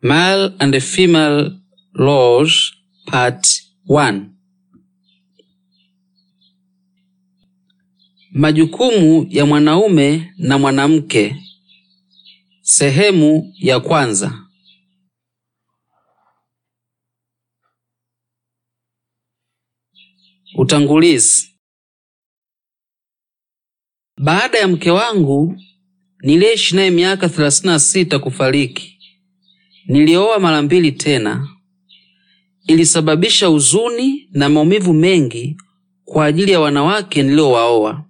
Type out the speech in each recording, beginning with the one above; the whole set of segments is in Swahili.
Male and Female Laws, Part 1. Majukumu ya mwanaume na mwanamke, sehemu ya kwanza. Utangulizi. Baada ya mke wangu niliyeishi naye miaka 36 kufariki Nilioa mara mbili tena, ilisababisha huzuni na maumivu mengi kwa ajili ya wanawake niliowaoa.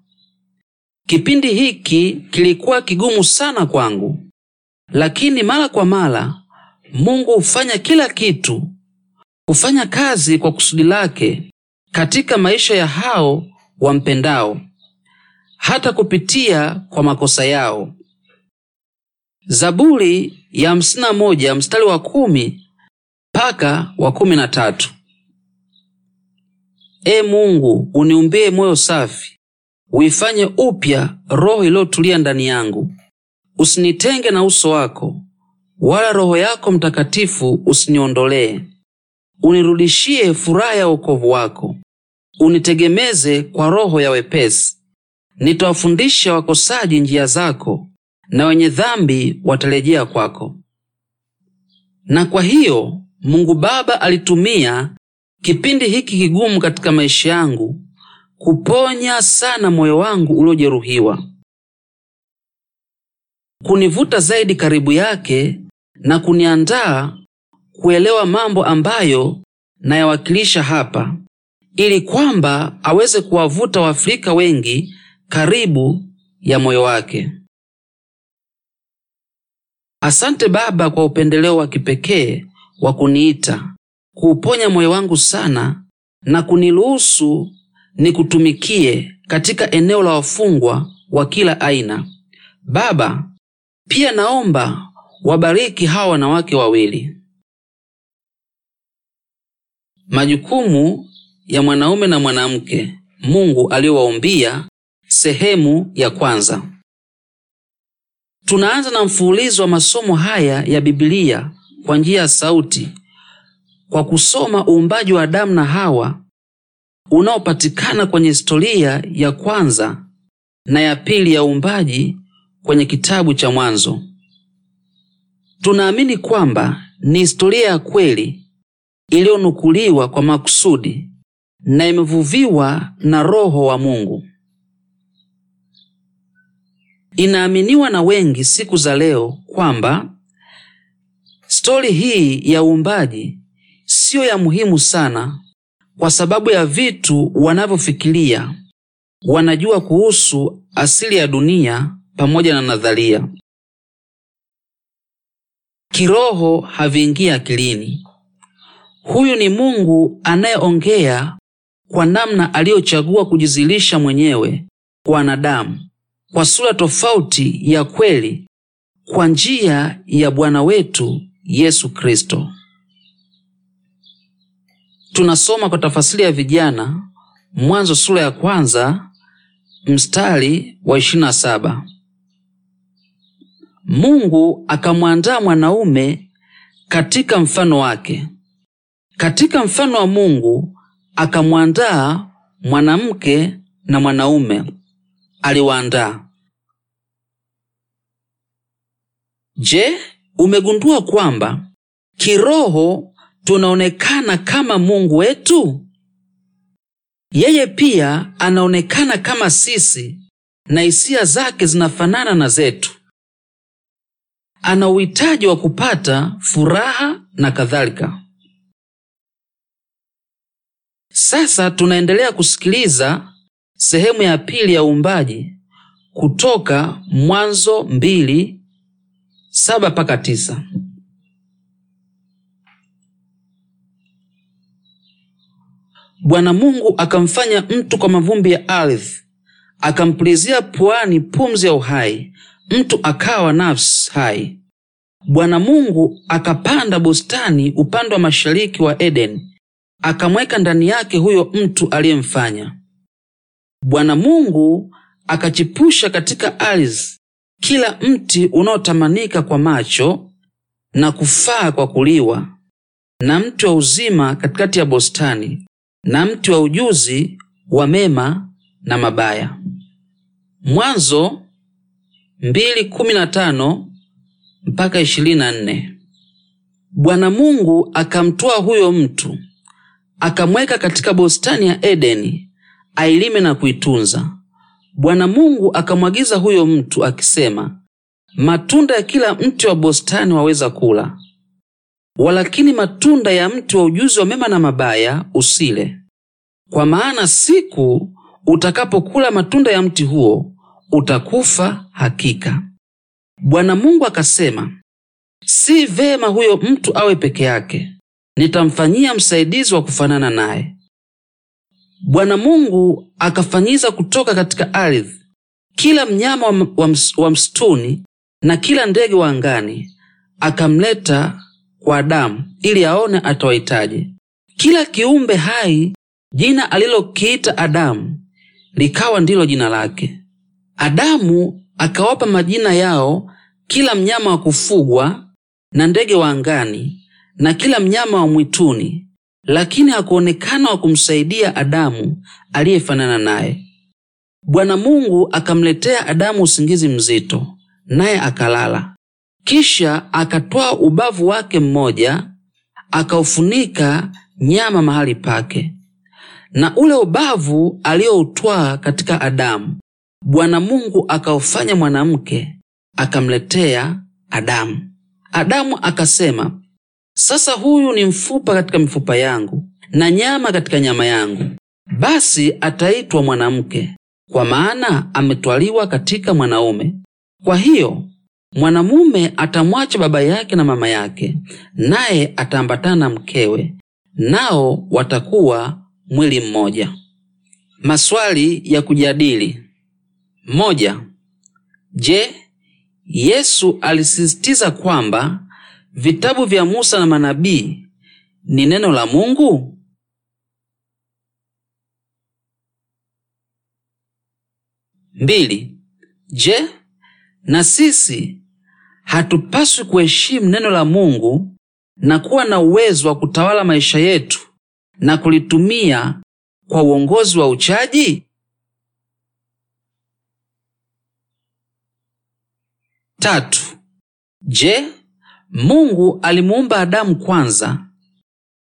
Kipindi hiki kilikuwa kigumu sana kwangu, lakini mara kwa mara Mungu hufanya kila kitu, hufanya kazi kwa kusudi lake katika maisha ya hao wampendao, hata kupitia kwa makosa yao. Zaburi ya hamsini na moja mstari wa kumi mpaka wa kumi na tatu. E Mungu, uniumbie moyo safi, uifanye upya roho iliyotulia ndani yangu. Usinitenge na uso wako, wala Roho yako Mtakatifu usiniondolee. Unirudishie furaha ya wokovu wako, unitegemeze kwa roho ya wepesi. Nitawafundisha wakosaji njia zako, na wenye dhambi watarejea kwako. Na kwa hiyo Mungu Baba alitumia kipindi hiki kigumu katika maisha yangu kuponya sana moyo wangu uliojeruhiwa, kunivuta zaidi karibu yake na kuniandaa kuelewa mambo ambayo nayawakilisha hapa, ili kwamba aweze kuwavuta Waafrika wengi karibu ya moyo wake. Asante Baba kwa upendeleo wa kipekee wa kuniita, kuuponya moyo wangu sana na kuniruhusu nikutumikie katika eneo la wafungwa wa kila aina. Baba, pia naomba wabariki hawa wanawake wawili. Majukumu ya mwanaume na mwanamke Mungu aliyowaumbia, sehemu ya kwanza. Tunaanza na mfululizo wa masomo haya ya Biblia kwa njia ya sauti kwa kusoma uumbaji wa Adamu na Hawa unaopatikana kwenye historia ya kwanza na ya pili ya uumbaji kwenye kitabu cha Mwanzo. Tunaamini kwamba ni historia ya kweli iliyonukuliwa kwa makusudi na imevuviwa na Roho wa Mungu. Inaaminiwa na wengi siku za leo kwamba stori hii ya uumbaji siyo ya muhimu sana kwa sababu ya vitu wanavyofikiria wanajua kuhusu asili ya dunia pamoja na nadharia. Kiroho haviingia akilini. Huyu ni Mungu anayeongea kwa namna aliyochagua kujizilisha mwenyewe kwa wanadamu kwa sura tofauti ya kweli kwa njia ya Bwana wetu Yesu Kristo. Tunasoma kwa tafasiri ya vijana Mwanzo sura ya kwanza mstari wa saba. Mungu akamwandaa mwanaume katika mfano wake, katika mfano wa Mungu akamwandaa mwanamke na mwanaume aliwaandaa. Je, umegundua kwamba kiroho tunaonekana kama Mungu wetu? Yeye pia anaonekana kama sisi na hisia zake zinafanana na zetu. Ana uhitaji wa kupata furaha na kadhalika. Sasa tunaendelea kusikiliza sehemu ya pili ya uumbaji kutoka Mwanzo mbili saba mpaka tisa. Bwana Mungu akamfanya mtu kwa mavumbi ya ardhi, akampulizia puani pumzi ya uhai, mtu akawa nafsi hai. Bwana Mungu akapanda bustani upande wa mashariki wa Edeni, akamweka ndani yake huyo mtu aliyemfanya Bwana Mungu akachipusha katika ardhi kila mti unaotamanika kwa macho na kufaa kwa kuliwa, na mti wa uzima katikati ya bostani, na mti wa ujuzi wa mema na mabaya. Mwanzo 2:15 mpaka 24. Bwana Mungu akamtwaa huyo mtu akamweka katika bostani ya Edeni ailime na kuitunza. Bwana Mungu akamwagiza huyo mtu akisema, matunda ya kila mti wa bostani waweza kula, walakini matunda ya mti wa ujuzi wa mema na mabaya usile, kwa maana siku utakapokula matunda ya mti huo utakufa hakika. Bwana Mungu akasema, si vema huyo mtu awe peke yake, nitamfanyia msaidizi wa kufanana naye. Bwana Mungu akafanyiza kutoka katika ardhi kila mnyama wa msituni na kila ndege wa angani, akamleta kwa Adamu ili aone atawahitaji. Kila kiumbe hai jina alilokiita Adamu likawa ndilo jina lake. Adamu akawapa majina yao kila mnyama wa kufugwa na ndege wa angani na kila mnyama wa mwituni lakini hakuonekana wa kumsaidia Adamu aliyefanana naye. Bwana Mungu akamletea Adamu usingizi mzito, naye akalala. Kisha akatwaa ubavu wake mmoja, akaufunika nyama mahali pake, na ule ubavu aliyoutwaa katika Adamu, Bwana Mungu akaufanya mwanamke, akamletea Adamu. Adamu akasema, sasa huyu ni mfupa katika mifupa yangu na nyama katika nyama yangu, basi ataitwa mwanamke, kwa maana ametwaliwa katika mwanaume. Kwa hiyo mwanamume atamwacha baba yake na mama yake, naye ataambatana mkewe, nao watakuwa mwili mmoja. Maswali ya kujadili: moja. Je, Yesu alisisitiza kwamba vitabu vya Musa na manabii ni neno la Mungu? Mbili. Je, na sisi hatupaswi kuheshimu neno la Mungu na kuwa na uwezo wa kutawala maisha yetu na kulitumia kwa uongozi wa uchaji? Tatu. Je, Mungu alimuumba Adamu kwanza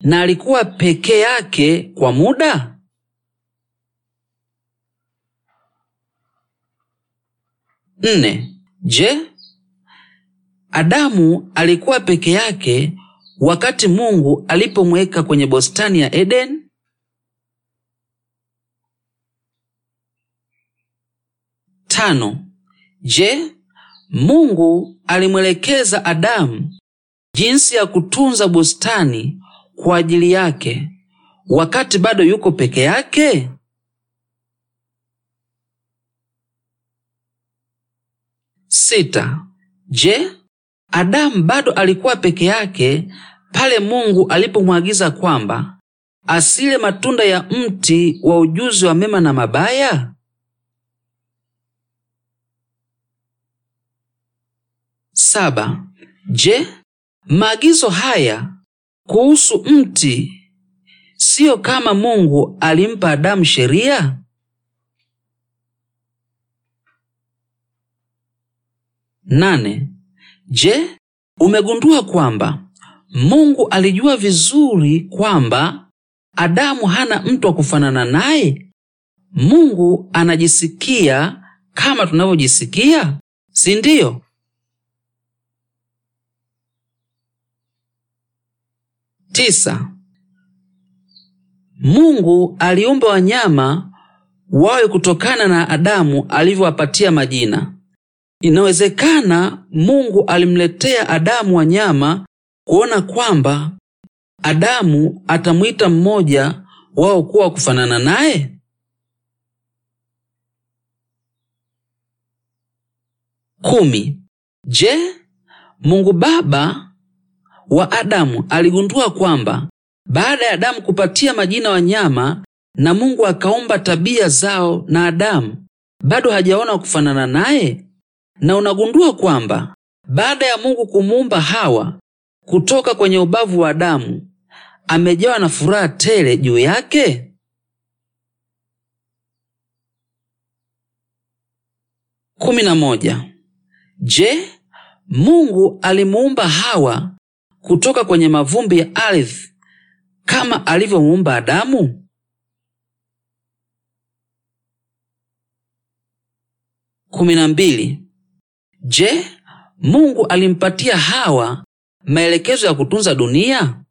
na alikuwa peke yake kwa muda? Nne. Je, Adamu alikuwa peke yake wakati Mungu alipomweka kwenye bustani ya Eden? Tano. Je, Mungu alimwelekeza Adamu jinsi ya kutunza bustani kwa ajili yake wakati bado yuko peke yake? Sita. Je, Adamu bado alikuwa peke yake pale Mungu alipomwagiza kwamba asile matunda ya mti wa ujuzi wa mema na mabaya? Saba. Je, Maagizo haya kuhusu mti siyo kama Mungu alimpa Adamu sheria. Nane. Je, umegundua kwamba Mungu alijua vizuri kwamba Adamu hana mtu wa kufanana naye? Mungu anajisikia kama tunavyojisikia, si ndiyo? tisa. Mungu aliumba wanyama wawe kutokana na Adamu alivyowapatia majina. Inawezekana Mungu alimletea Adamu wanyama kuona kwamba Adamu atamwita mmoja wao kuwa kufanana naye. Kumi. Je, Mungu Baba wa Adamu aligundua kwamba baada ya Adamu kupatia majina wanyama na Mungu akaumba tabia zao na Adamu bado hajaona kufanana naye, na unagundua kwamba baada ya Mungu kumuumba Hawa kutoka kwenye ubavu wa Adamu amejawa na furaha tele juu yake. Kumi na moja. Je, Mungu alimuumba Hawa kutoka kwenye mavumbi ya ardhi kama alivyomuumba Adamu? kumi na mbili. Je, Mungu alimpatia Hawa maelekezo ya kutunza dunia?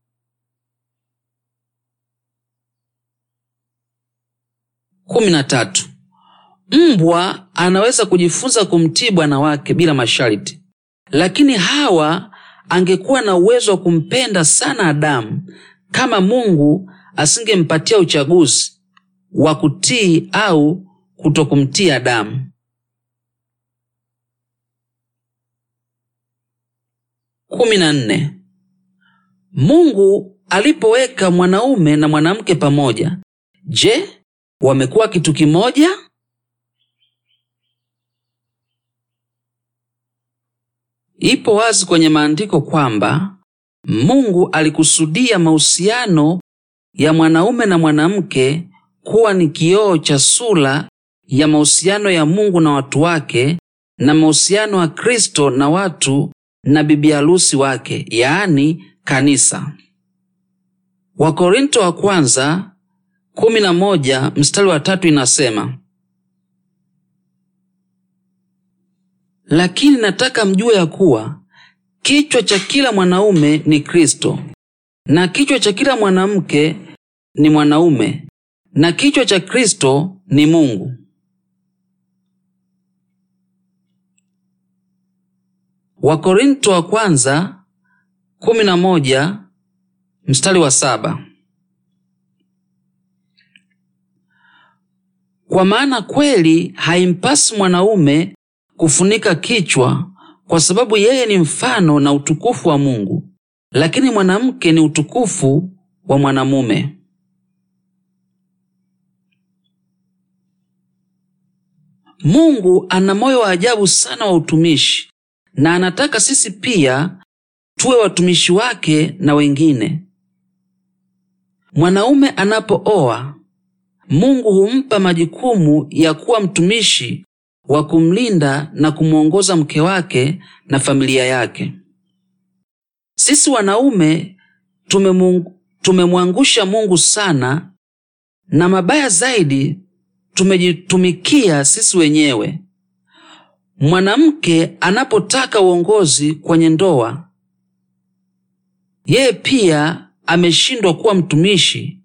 kumi na tatu. Mbwa anaweza kujifunza kumtii bwana wake bila masharti, lakini Hawa angekuwa na uwezo wa kumpenda sana Adamu kama Mungu asingempatia uchaguzi wa kutii au kutokumtii Adamu. kumi na nne. Mungu alipoweka mwanaume na mwanamke pamoja, je, wamekuwa kitu kimoja? Ipo wazi kwenye maandiko kwamba Mungu alikusudia mahusiano ya mwanaume na mwanamke kuwa ni kioo cha sura ya mahusiano ya Mungu na watu wake na mahusiano ya Kristo na watu na bibi harusi wake, yaani kanisa. Wakorinto wa kwanza kumi na moja mstari wa tatu inasema Lakini nataka mjue ya kuwa kichwa cha kila mwanaume ni Kristo, na kichwa cha kila mwanamke ni mwanaume, na kichwa cha Kristo ni Mungu. Wakorinto wa kwanza kumi na moja mstari wa saba. Kwa maana kweli haimpasi mwanaume kufunika kichwa kwa sababu yeye ni mfano na utukufu wa Mungu, lakini mwanamke ni utukufu wa mwanamume. Mungu ana moyo wa ajabu sana wa utumishi na anataka sisi pia tuwe watumishi wake na wengine. Mwanaume anapooa, Mungu humpa majukumu ya kuwa mtumishi wa kumlinda na kumwongoza mke wake na familia yake. Sisi wanaume tumemwangusha Mungu sana, na mabaya zaidi tumejitumikia sisi wenyewe. Mwanamke anapotaka uongozi kwenye ndoa, yeye pia ameshindwa kuwa mtumishi.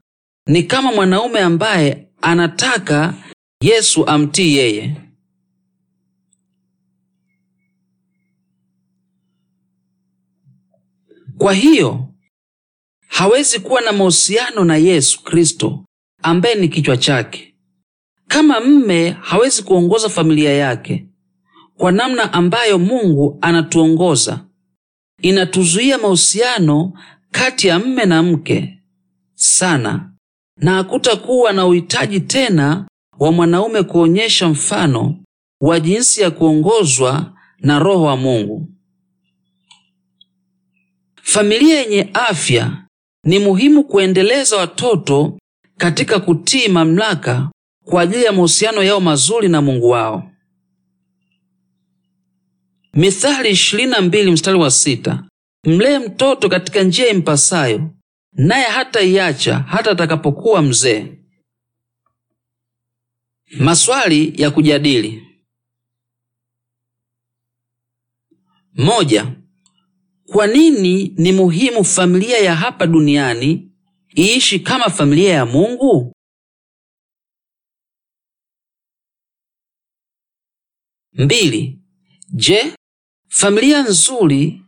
Ni kama mwanaume ambaye anataka Yesu amtii yeye. Kwa hiyo hawezi kuwa na mahusiano na Yesu Kristo ambaye ni kichwa chake. Kama mme hawezi kuongoza familia yake kwa namna ambayo Mungu anatuongoza, inatuzuia mahusiano kati ya mme na mke sana, na hakutakuwa na uhitaji tena wa mwanaume kuonyesha mfano wa jinsi ya kuongozwa na Roho wa Mungu. Familia yenye afya ni muhimu kuendeleza watoto katika kutii mamlaka kwa ajili ya mahusiano yao mazuri na Mungu wao. Mithali 22 mstari wa sita, mlee mtoto katika njia impasayo, naye hata iacha hata atakapokuwa mzee. Maswali ya kujadili: Moja. Kwa nini ni muhimu familia ya hapa duniani iishi kama familia ya Mungu? Mbili. Je, familia nzuri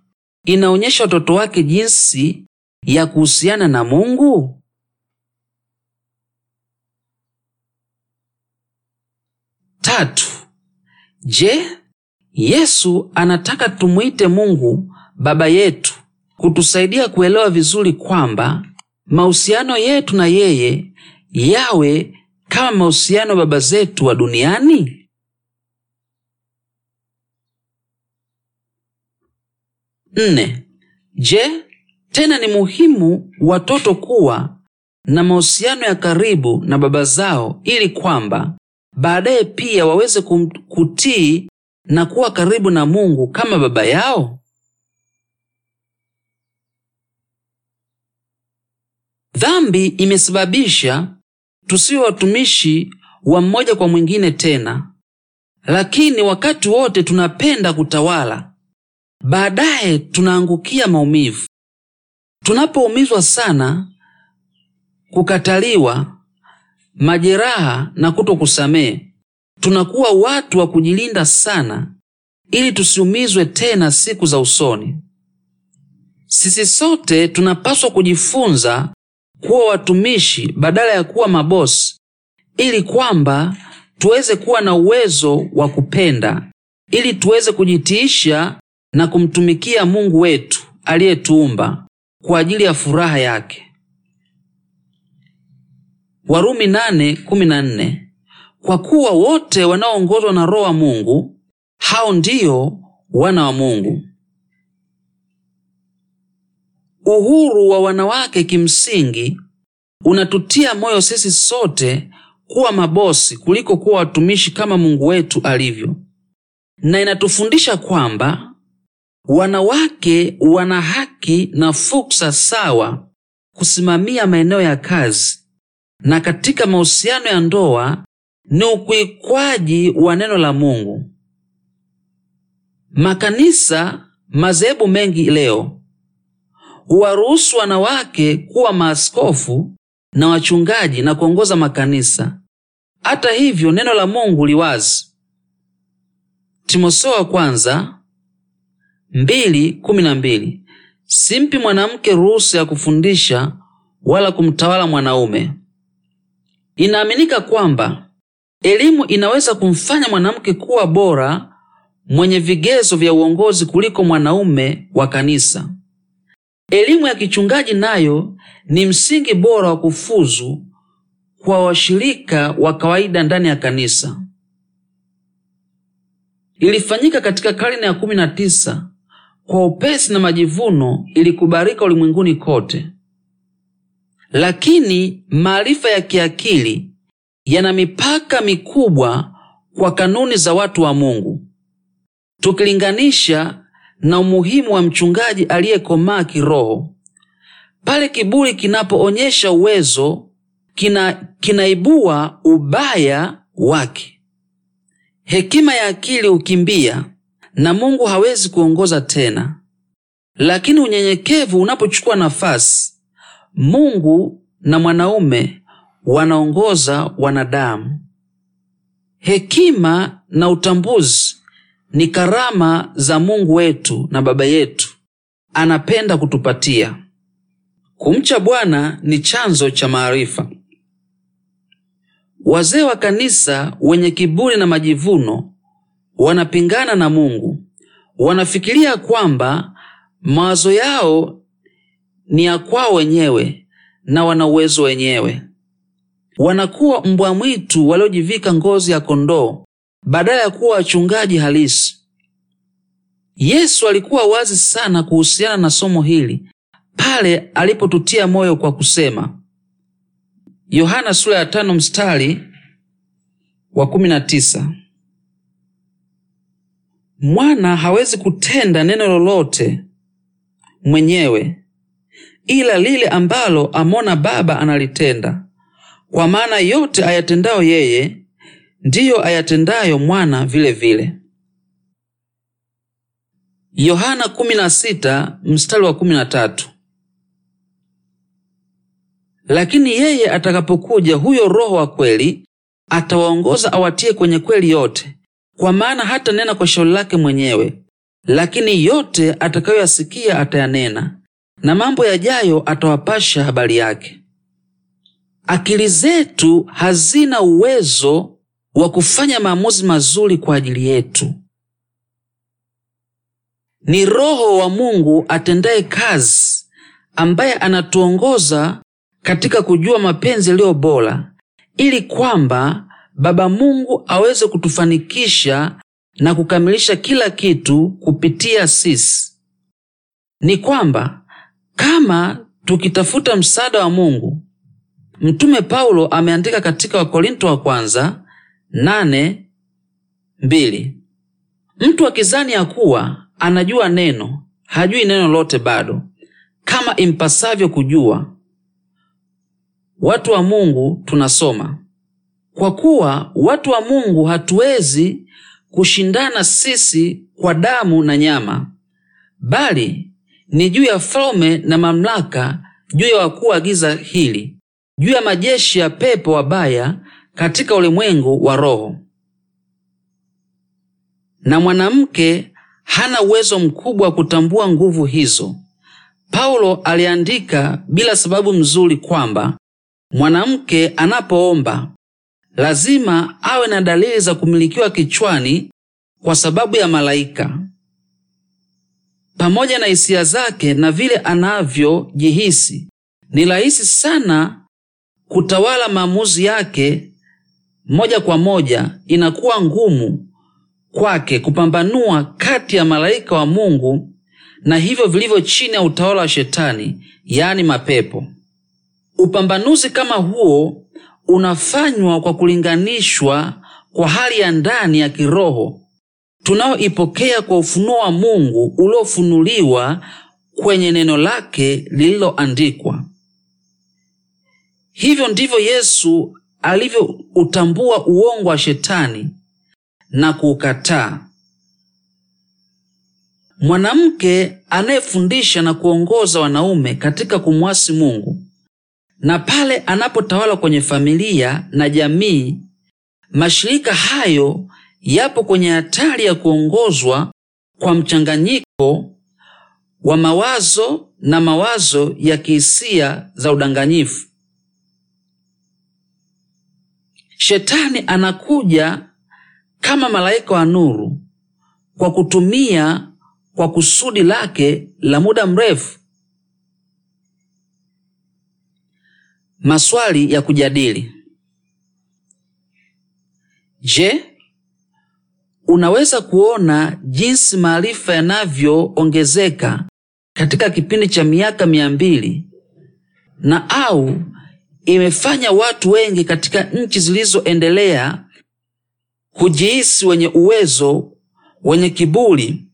inaonyesha watoto wake jinsi ya kuhusiana na Mungu? Tatu. Je, Yesu anataka tumwite Mungu Baba yetu kutusaidia kuelewa vizuri kwamba mahusiano yetu na yeye yawe kama mahusiano baba zetu wa duniani. Nne. Je, tena ni muhimu watoto kuwa na mahusiano ya karibu na baba zao ili kwamba baadaye pia waweze kutii na kuwa karibu na Mungu kama baba yao? Dhambi imesababisha tusiwe watumishi wa mmoja kwa mwingine tena, lakini wakati wote tunapenda kutawala, baadaye tunaangukia maumivu. Tunapoumizwa sana, kukataliwa, majeraha na kutokusamehe, tunakuwa watu wa kujilinda sana ili tusiumizwe tena siku za usoni. Sisi sote tunapaswa kujifunza kuwa watumishi badala ya kuwa mabosi, ili kwamba tuweze kuwa na uwezo wa kupenda, ili tuweze kujitiisha na kumtumikia Mungu wetu aliyetuumba kwa ajili ya furaha yake. Warumi nane kumi na nne. Kwa kuwa wote wanaoongozwa na Roho wa Mungu hao ndiyo wana wa Mungu. Uhuru wa wanawake kimsingi unatutia moyo sisi sote kuwa mabosi kuliko kuwa watumishi kama Mungu wetu alivyo, na inatufundisha kwamba wanawake wana haki na fursa sawa kusimamia maeneo ya kazi na katika mahusiano ya ndoa. Ni ukwikwaji wa neno la Mungu. Makanisa, madhehebu mengi leo huwaruhusu wanawake kuwa maaskofu na wachungaji na kuongoza makanisa. Hata hivyo, neno la Mungu liwazi Timotheo wa kwanza mbili kumi na mbili simpi mwanamke ruhusa ya kufundisha wala kumtawala mwanaume. Inaaminika kwamba elimu inaweza kumfanya mwanamke kuwa bora mwenye vigezo vya uongozi kuliko mwanaume wa kanisa. Elimu ya kichungaji nayo ni msingi bora wa kufuzu kwa washirika wa kawaida ndani ya kanisa. Ilifanyika katika karne ya kumi na tisa kwa upesi na majivuno, ilikubarika ulimwenguni kote, lakini maarifa ya kiakili yana mipaka mikubwa kwa kanuni za watu wa Mungu tukilinganisha na umuhimu wa mchungaji aliyekomaa kiroho. Pale kiburi kinapoonyesha uwezo, kina kinaibua ubaya wake. Hekima ya akili hukimbia na Mungu hawezi kuongoza tena, lakini unyenyekevu unapochukua nafasi, Mungu na mwanaume wanaongoza wanadamu. Hekima na utambuzi ni karama za Mungu wetu na Baba yetu anapenda kutupatia. Kumcha Bwana ni chanzo cha maarifa. Wazee wa kanisa wenye kiburi na majivuno wanapingana na Mungu. Wanafikiria kwamba mawazo yao ni ya kwao wenyewe na wana uwezo wenyewe. Wanakuwa mbwa mwitu waliojivika ngozi ya kondoo badala ya kuwa wachungaji halisi. Yesu alikuwa wazi sana kuhusiana na somo hili pale alipotutia moyo kwa kusema, Yohana sura ya tano mstari wa kumi na tisa mwana hawezi kutenda neno lolote mwenyewe ila lile ambalo amona Baba analitenda, kwa maana yote ayatendayo yeye ndiyo ayatendayo mwana vile vile. Yohana 16 mstari wa 13. Lakini yeye atakapokuja huyo Roho wa kweli atawaongoza awatie kwenye kweli yote, kwa maana hata nena kwa shauri lake mwenyewe, lakini yote atakayoyasikia atayanena, na mambo yajayo atawapasha habari yake. Akili zetu hazina uwezo wa kufanya maamuzi mazuri kwa ajili yetu. Ni Roho wa Mungu atendaye kazi, ambaye anatuongoza katika kujua mapenzi yaliyo bora, ili kwamba Baba Mungu aweze kutufanikisha na kukamilisha kila kitu kupitia sisi. Ni kwamba kama tukitafuta msaada wa Mungu, Mtume Paulo ameandika katika Wakorinto wa kwanza nane mbili. Mtu akizani ya kuwa anajua neno, hajui neno lote bado, kama impasavyo kujua. Watu wa Mungu tunasoma kwa kuwa watu wa Mungu hatuwezi kushindana sisi kwa damu na nyama, bali ni juu ya falme na mamlaka, juu ya wakuu wa giza hili, juu ya majeshi ya pepo wabaya katika ulimwengu wa roho. Na mwanamke hana uwezo mkubwa wa kutambua nguvu hizo. Paulo aliandika bila sababu mzuri kwamba mwanamke anapoomba lazima awe na dalili za kumilikiwa kichwani kwa sababu ya malaika, pamoja na hisia zake na vile anavyojihisi. Ni rahisi sana kutawala maamuzi yake moja kwa moja inakuwa ngumu kwake kupambanua kati ya malaika wa Mungu na hivyo vilivyo chini ya utawala wa Shetani, yaani mapepo. Upambanuzi kama huo unafanywa kwa kulinganishwa kwa hali ya ndani ya kiroho tunayoipokea kwa ufunuo wa Mungu uliofunuliwa kwenye neno lake lililoandikwa. Hivyo ndivyo Yesu alivyoutambua uongo wa shetani na kuukataa. Mwanamke anayefundisha na kuongoza wanaume katika kumwasi Mungu na pale anapotawala kwenye familia na jamii, mashirika hayo yapo kwenye hatari ya kuongozwa kwa mchanganyiko wa mawazo na mawazo ya kihisia za udanganyifu. Shetani anakuja kama malaika wa nuru kwa kutumia kwa kusudi lake la muda mrefu maswali ya kujadili. Je, unaweza kuona jinsi maarifa yanavyoongezeka katika kipindi cha miaka mia mbili na au imefanya watu wengi katika nchi zilizoendelea kujihisi wenye uwezo, wenye kiburi,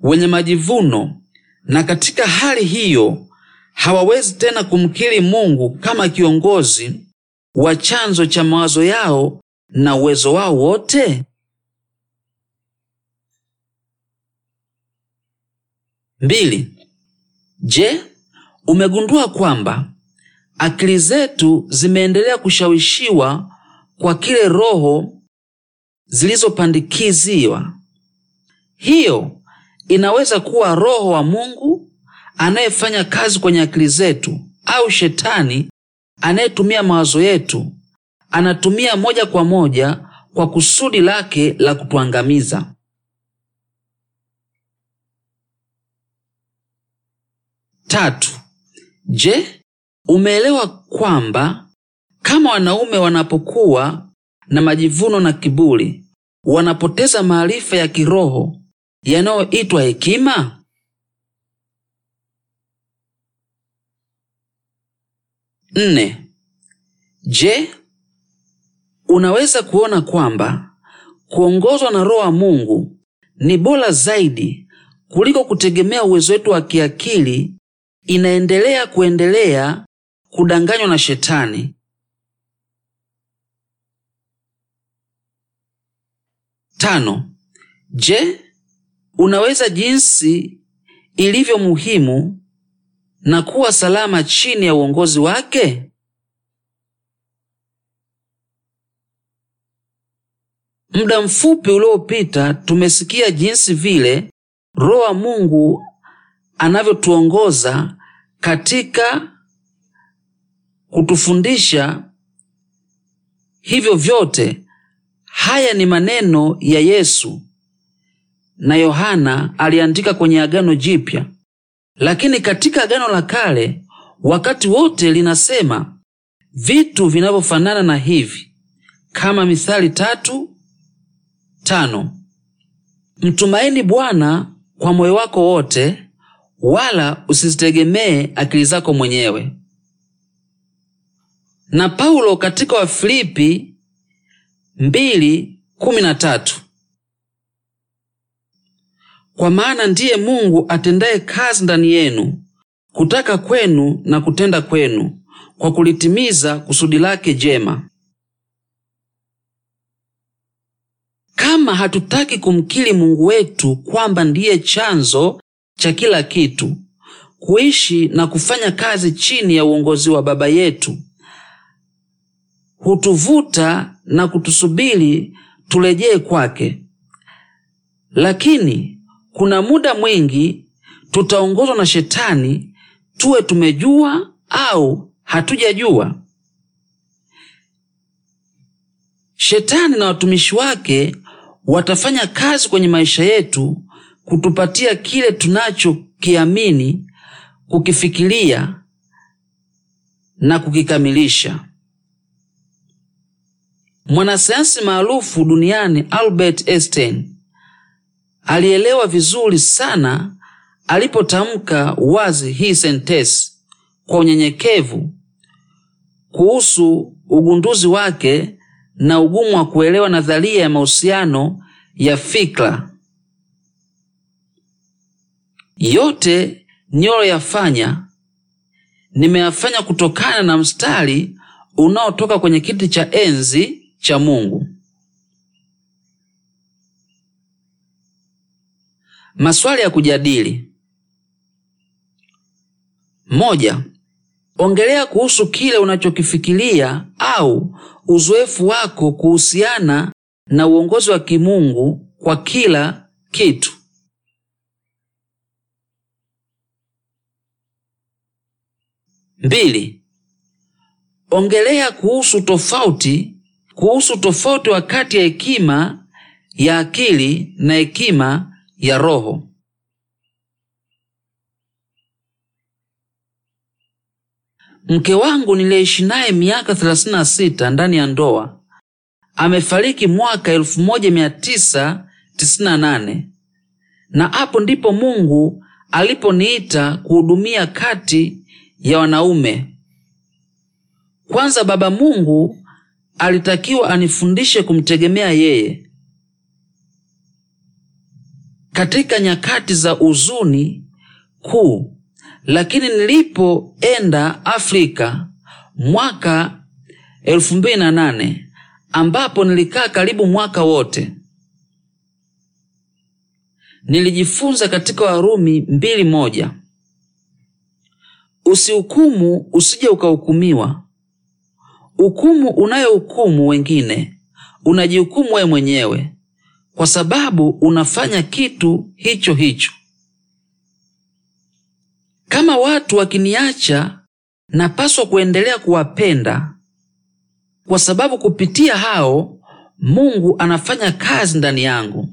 wenye majivuno, na katika hali hiyo hawawezi tena kumkiri Mungu kama kiongozi wa chanzo cha mawazo yao na uwezo wao wote. Mbili. Je, umegundua kwamba akili zetu zimeendelea kushawishiwa kwa kile roho zilizopandikiziwa. Hiyo inaweza kuwa Roho wa Mungu anayefanya kazi kwenye akili zetu au shetani anayetumia mawazo yetu. Anatumia moja kwa moja kwa kusudi lake la kutuangamiza. Tatu. Je, umeelewa kwamba kama wanaume wanapokuwa na majivuno na kiburi, wanapoteza maarifa ya kiroho yanayoitwa hekima? Nne. Je, unaweza kuona kwamba kuongozwa na Roho wa Mungu ni bora zaidi kuliko kutegemea uwezo wetu wa kiakili inaendelea kuendelea kudanganywa na shetani tano je unaweza jinsi ilivyo muhimu na kuwa salama chini ya uongozi wake muda mfupi uliopita tumesikia jinsi vile roho wa mungu anavyotuongoza katika kutufundisha hivyo vyote. Haya ni maneno ya Yesu na Yohana aliandika kwenye Agano Jipya, lakini katika Agano la Kale wakati wote linasema vitu vinavyofanana na hivi, kama Mithali tatu tano mtumaini Bwana kwa moyo wako wote, wala usizitegemee akili zako mwenyewe na Paulo katika Wafilipi 2:13, kwa maana ndiye Mungu atendaye kazi ndani yenu kutaka kwenu na kutenda kwenu kwa kulitimiza kusudi lake jema. Kama hatutaki kumkili Mungu wetu kwamba ndiye chanzo cha kila kitu, kuishi na kufanya kazi chini ya uongozi wa Baba yetu hutuvuta na kutusubiri turejee kwake. Lakini kuna muda mwingi tutaongozwa na Shetani, tuwe tumejua au hatujajua. Shetani na watumishi wake watafanya kazi kwenye maisha yetu kutupatia kile tunachokiamini, kukifikiria na kukikamilisha. Mwanasayansi maarufu duniani Albert Einstein alielewa vizuri sana alipotamka wazi hii sentesi kwa unyenyekevu kuhusu ugunduzi wake na ugumu wa kuelewa nadharia ya mahusiano ya fikra. Yote yafanya nimeyafanya kutokana na mstari unaotoka kwenye kiti cha enzi cha Mungu. Maswali ya kujadili: moja, ongelea kuhusu kile unachokifikiria au uzoefu wako kuhusiana na uongozi wa kimungu kwa kila kitu. Mbili, ongelea kuhusu tofauti kuhusu tofauti wa kati ya hekima ya akili na hekima ya roho. Mke wangu niliyeishi naye miaka 36 ndani ya ndoa amefariki mwaka 1998 na hapo ndipo Mungu aliponiita kuhudumia kati ya wanaume. Kwanza Baba Mungu alitakiwa anifundishe kumtegemea yeye katika nyakati za huzuni kuu. Lakini nilipoenda Afrika mwaka elfu mbili na nane ambapo nilikaa karibu mwaka wote, nilijifunza katika Warumi mbili moja usihukumu usije ukahukumiwa. Hukumu unayohukumu wengine, unajihukumu wewe mwenyewe kwa sababu unafanya kitu hicho hicho. Kama watu wakiniacha, napaswa kuendelea kuwapenda kwa sababu kupitia hao Mungu anafanya kazi ndani yangu.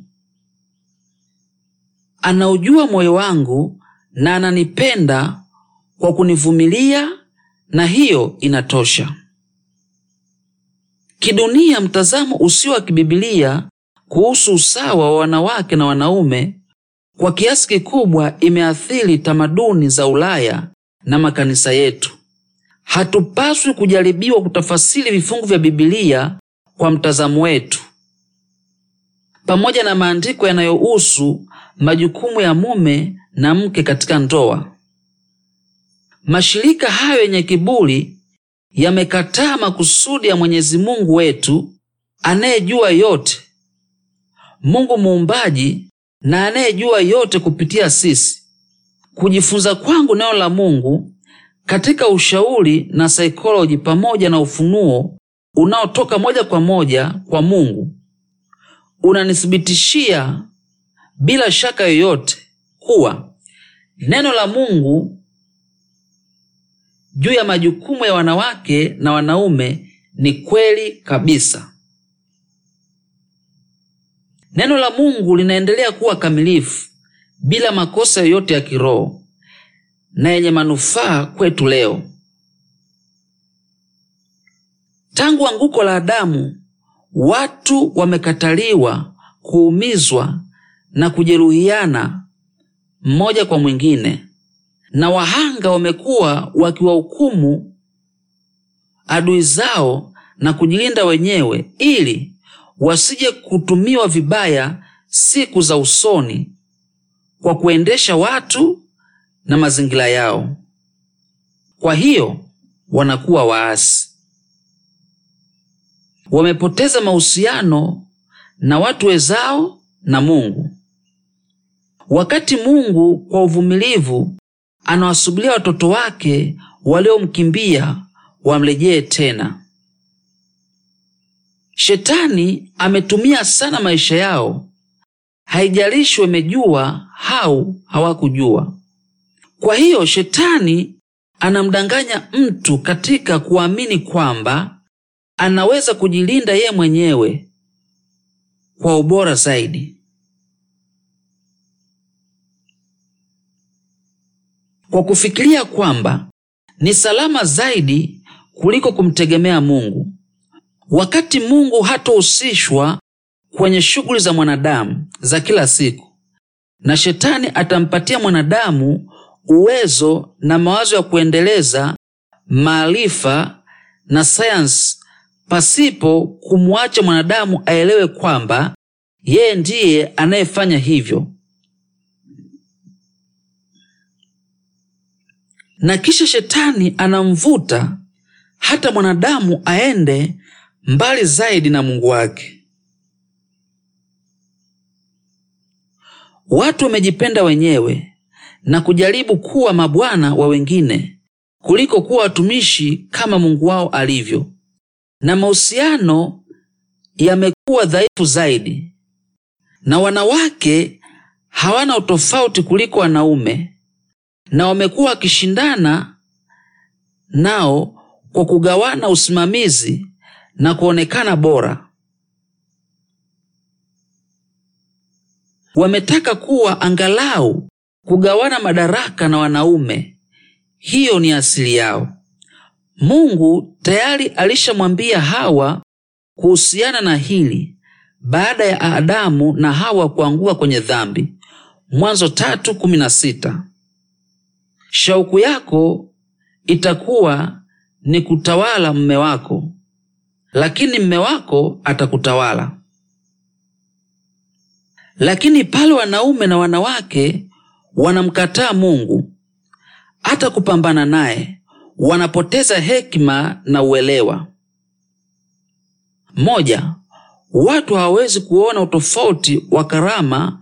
Anaujua moyo wangu na ananipenda kwa kunivumilia, na hiyo inatosha. Kidunia, mtazamo usio wa kibibilia kuhusu usawa wa wanawake na wanaume kwa kiasi kikubwa imeathiri tamaduni za Ulaya na makanisa yetu. Hatupaswi kujaribiwa kutafasiri vifungu vya Bibilia kwa mtazamo wetu. Pamoja na maandiko yanayohusu majukumu ya mume na mke katika ndoa, mashirika hayo yenye kiburi yamekataa makusudi ya Mwenyezi Mungu wetu anayejua yote, Mungu muumbaji na anayejua yote kupitia sisi. Kujifunza kwangu neno la Mungu katika ushauri na saikoloji pamoja na ufunuo unaotoka moja kwa moja kwa Mungu unanithibitishia bila shaka yoyote kuwa neno la Mungu juu ya majukumu ya wanawake na wanaume ni kweli kabisa. Neno la Mungu linaendelea kuwa kamilifu bila makosa yoyote ya kiroho na yenye manufaa kwetu leo. Tangu anguko la Adamu, watu wamekataliwa, kuumizwa na kujeruhiana mmoja kwa mwingine na wahanga wamekuwa wakiwahukumu adui zao na kujilinda wenyewe ili wasije kutumiwa vibaya siku za usoni kwa kuendesha watu na mazingira yao. Kwa hiyo wanakuwa waasi, wamepoteza mahusiano na watu wezao na Mungu, wakati Mungu kwa uvumilivu anawasubilia watoto wake waliomkimbia wamlejee tena. Shetani ametumia sana maisha yao, haijalishi wamejua au hawakujua. Kwa hiyo shetani anamdanganya mtu katika kuamini kwamba anaweza kujilinda yeye mwenyewe kwa ubora zaidi. kwa kufikiria kwamba ni salama zaidi kuliko kumtegemea Mungu, wakati Mungu hatohusishwa kwenye shughuli za mwanadamu za kila siku, na shetani atampatia mwanadamu uwezo na mawazo ya kuendeleza maarifa na sayansi pasipo kumwacha mwanadamu aelewe kwamba yeye ndiye anayefanya hivyo. na kisha shetani anamvuta hata mwanadamu aende mbali zaidi na Mungu wake. Watu wamejipenda wenyewe na kujaribu kuwa mabwana wa wengine kuliko kuwa watumishi kama Mungu wao alivyo, na mahusiano yamekuwa dhaifu zaidi, na wanawake hawana utofauti kuliko wanaume na wamekuwa wakishindana nao kwa kugawana usimamizi na kuonekana bora. Wametaka kuwa angalau kugawana madaraka na wanaume. Hiyo ni asili yao. Mungu tayari alishamwambia Hawa kuhusiana na hili baada ya Adamu na Hawa kuanguka kwenye dhambi. Mwanzo tatu kumi na sita shauku yako itakuwa ni kutawala mme wako, lakini mme wako atakutawala. Lakini pale wanaume na wanawake wanamkataa Mungu hata kupambana naye, wanapoteza hekima na uelewa. Moja, watu hawawezi kuona utofauti wa karama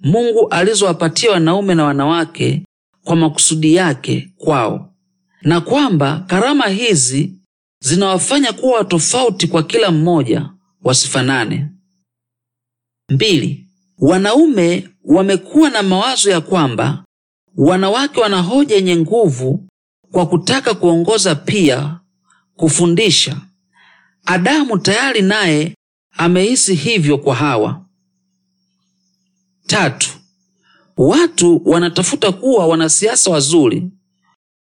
Mungu alizowapatia wanaume na wanawake kwa makusudi yake kwao, na kwamba karama hizi zinawafanya kuwa tofauti kwa kila mmoja, wasifanane. Mbili, wanaume wamekuwa na mawazo ya kwamba wanawake wana hoja yenye nguvu kwa kutaka kuongoza pia kufundisha. Adamu tayari naye amehisi hivyo kwa Hawa. Tatu, Watu wanatafuta kuwa wanasiasa wazuri,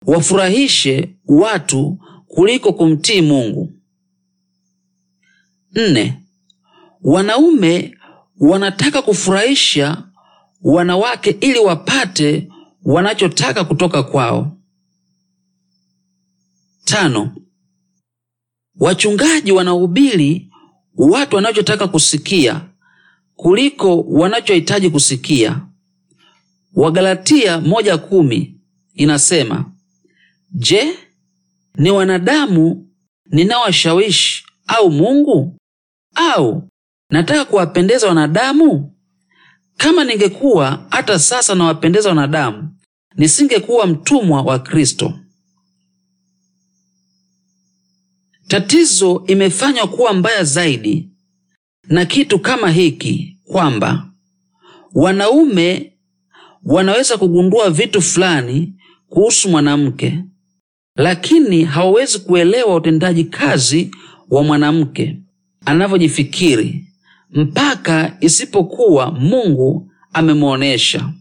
wafurahishe watu kuliko kumtii Mungu. Nne, wanaume wanataka kufurahisha wanawake ili wapate wanachotaka kutoka kwao. Tano, wachungaji wanahubiri watu wanachotaka kusikia kuliko wanachohitaji kusikia. Wagalatia moja kumi inasema, Je, ni wanadamu ninawashawishi au Mungu? Au nataka kuwapendeza wanadamu? Kama ningekuwa hata sasa nawapendeza wanadamu, nisingekuwa mtumwa wa Kristo. Tatizo imefanywa kuwa mbaya zaidi na kitu kama hiki kwamba wanaume wanaweza kugundua vitu fulani kuhusu mwanamke, lakini hawawezi kuelewa utendaji kazi wa mwanamke anavyojifikiri mpaka isipokuwa Mungu amemwonyesha,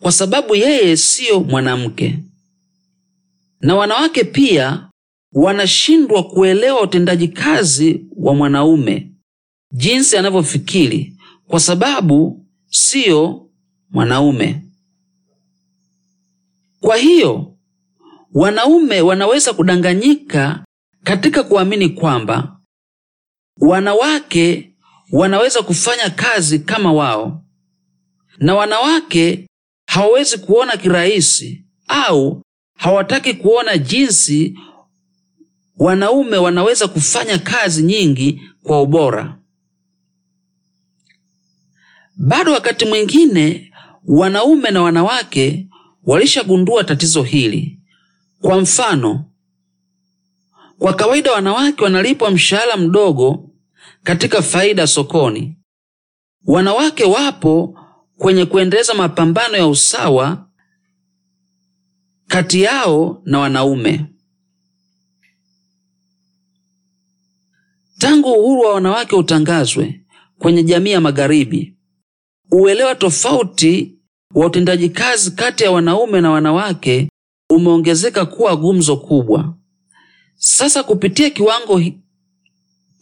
kwa sababu yeye siyo mwanamke. Na wanawake pia wanashindwa kuelewa utendaji kazi wa mwanaume jinsi anavyofikiri, kwa sababu siyo mwanaume. Kwa hiyo wanaume wanaweza kudanganyika katika kuamini kwamba wanawake wanaweza kufanya kazi kama wao, na wanawake hawawezi kuona kirahisi au hawataki kuona jinsi wanaume wanaweza kufanya kazi nyingi kwa ubora. Bado wakati mwingine Wanaume na wanawake walishagundua tatizo hili. Kwa mfano, kwa kawaida wanawake wanalipwa mshahara mdogo katika faida sokoni. Wanawake wapo kwenye kuendeleza mapambano ya usawa kati yao na wanaume. Tangu uhuru wa wanawake utangazwe kwenye jamii ya Magharibi, uelewa tofauti wa utendaji kazi kati ya wanaume na wanawake umeongezeka kuwa gumzo kubwa. Sasa kupitia kiwango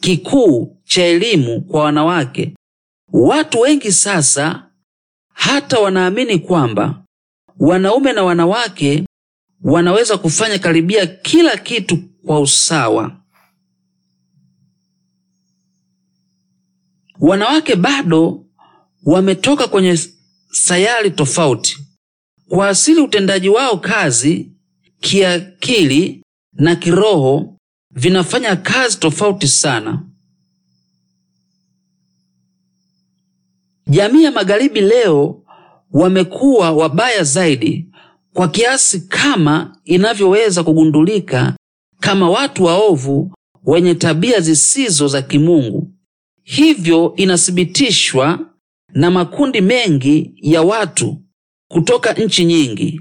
kikuu cha elimu kwa wanawake, watu wengi sasa hata wanaamini kwamba wanaume na wanawake wanaweza kufanya karibia kila kitu kwa usawa. Wanawake bado wametoka kwenye sayari tofauti. Kwa asili utendaji wao kazi kiakili na kiroho vinafanya kazi tofauti sana. Jamii ya magharibi leo wamekuwa wabaya zaidi kwa kiasi kama inavyoweza kugundulika kama watu waovu wenye tabia zisizo za kimungu. Hivyo inathibitishwa na makundi mengi ya watu kutoka nchi nyingi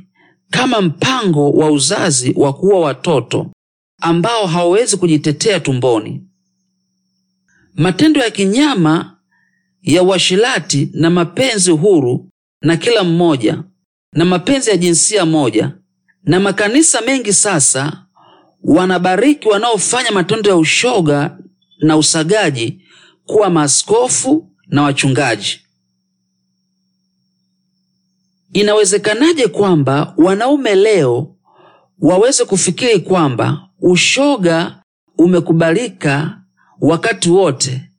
kama mpango wa uzazi wa kuwa watoto ambao hawawezi kujitetea tumboni. Matendo ya kinyama ya uashilati na mapenzi huru na kila mmoja na mapenzi ya jinsia moja. Na makanisa mengi sasa wanabariki wanaofanya matendo ya ushoga na usagaji kuwa maaskofu na wachungaji. Inawezekanaje kwamba wanaume leo waweze kufikiri kwamba ushoga umekubalika wakati wote,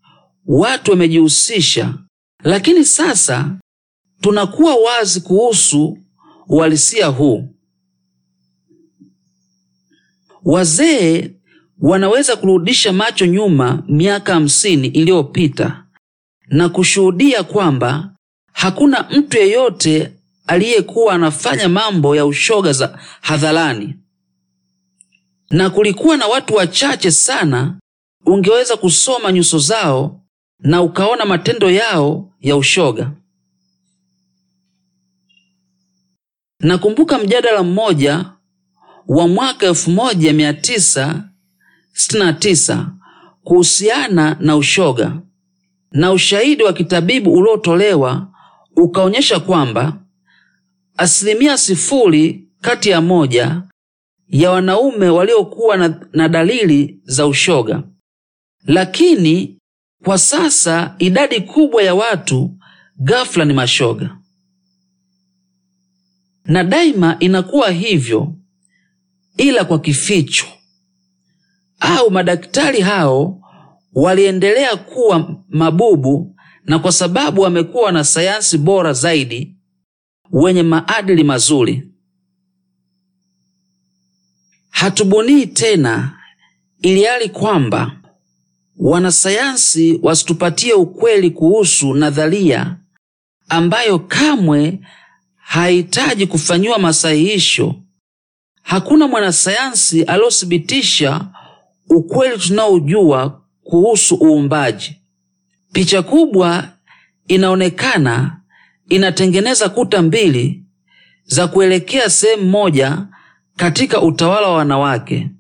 watu wamejihusisha, lakini sasa tunakuwa wazi kuhusu uhalisia huu. Wazee wanaweza kurudisha macho nyuma miaka hamsini iliyopita na kushuhudia kwamba hakuna mtu yeyote aliyekuwa anafanya mambo ya ushoga za hadharani, na kulikuwa na watu wachache sana, ungeweza kusoma nyuso zao na ukaona matendo yao ya ushoga. Nakumbuka mjadala mmoja wa mwaka 1969 kuhusiana na ushoga na ushahidi wa kitabibu uliotolewa ukaonyesha kwamba Asilimia sifuri kati ya moja ya wanaume waliokuwa na, na dalili za ushoga, lakini kwa sasa idadi kubwa ya watu ghafla ni mashoga, na daima inakuwa hivyo, ila kwa kificho au madaktari hao waliendelea kuwa mabubu, na kwa sababu wamekuwa na sayansi bora zaidi wenye maadili mazuri. Hatubonii tena ili hali kwamba wanasayansi wasitupatie ukweli kuhusu nadharia ambayo kamwe hahitaji kufanyiwa masahihisho. Hakuna mwanasayansi aliyothibitisha ukweli tunaojua kuhusu uumbaji. Picha kubwa inaonekana inatengeneza kuta mbili za kuelekea sehemu moja katika utawala wa wanawake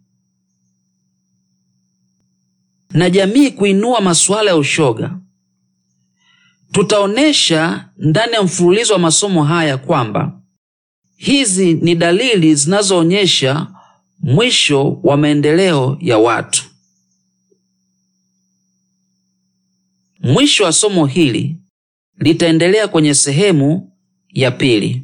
na jamii kuinua masuala ya ushoga. Tutaonyesha ndani ya mfululizo wa masomo haya kwamba hizi ni dalili zinazoonyesha mwisho wa maendeleo ya watu. Mwisho wa somo hili litaendelea kwenye sehemu ya pili.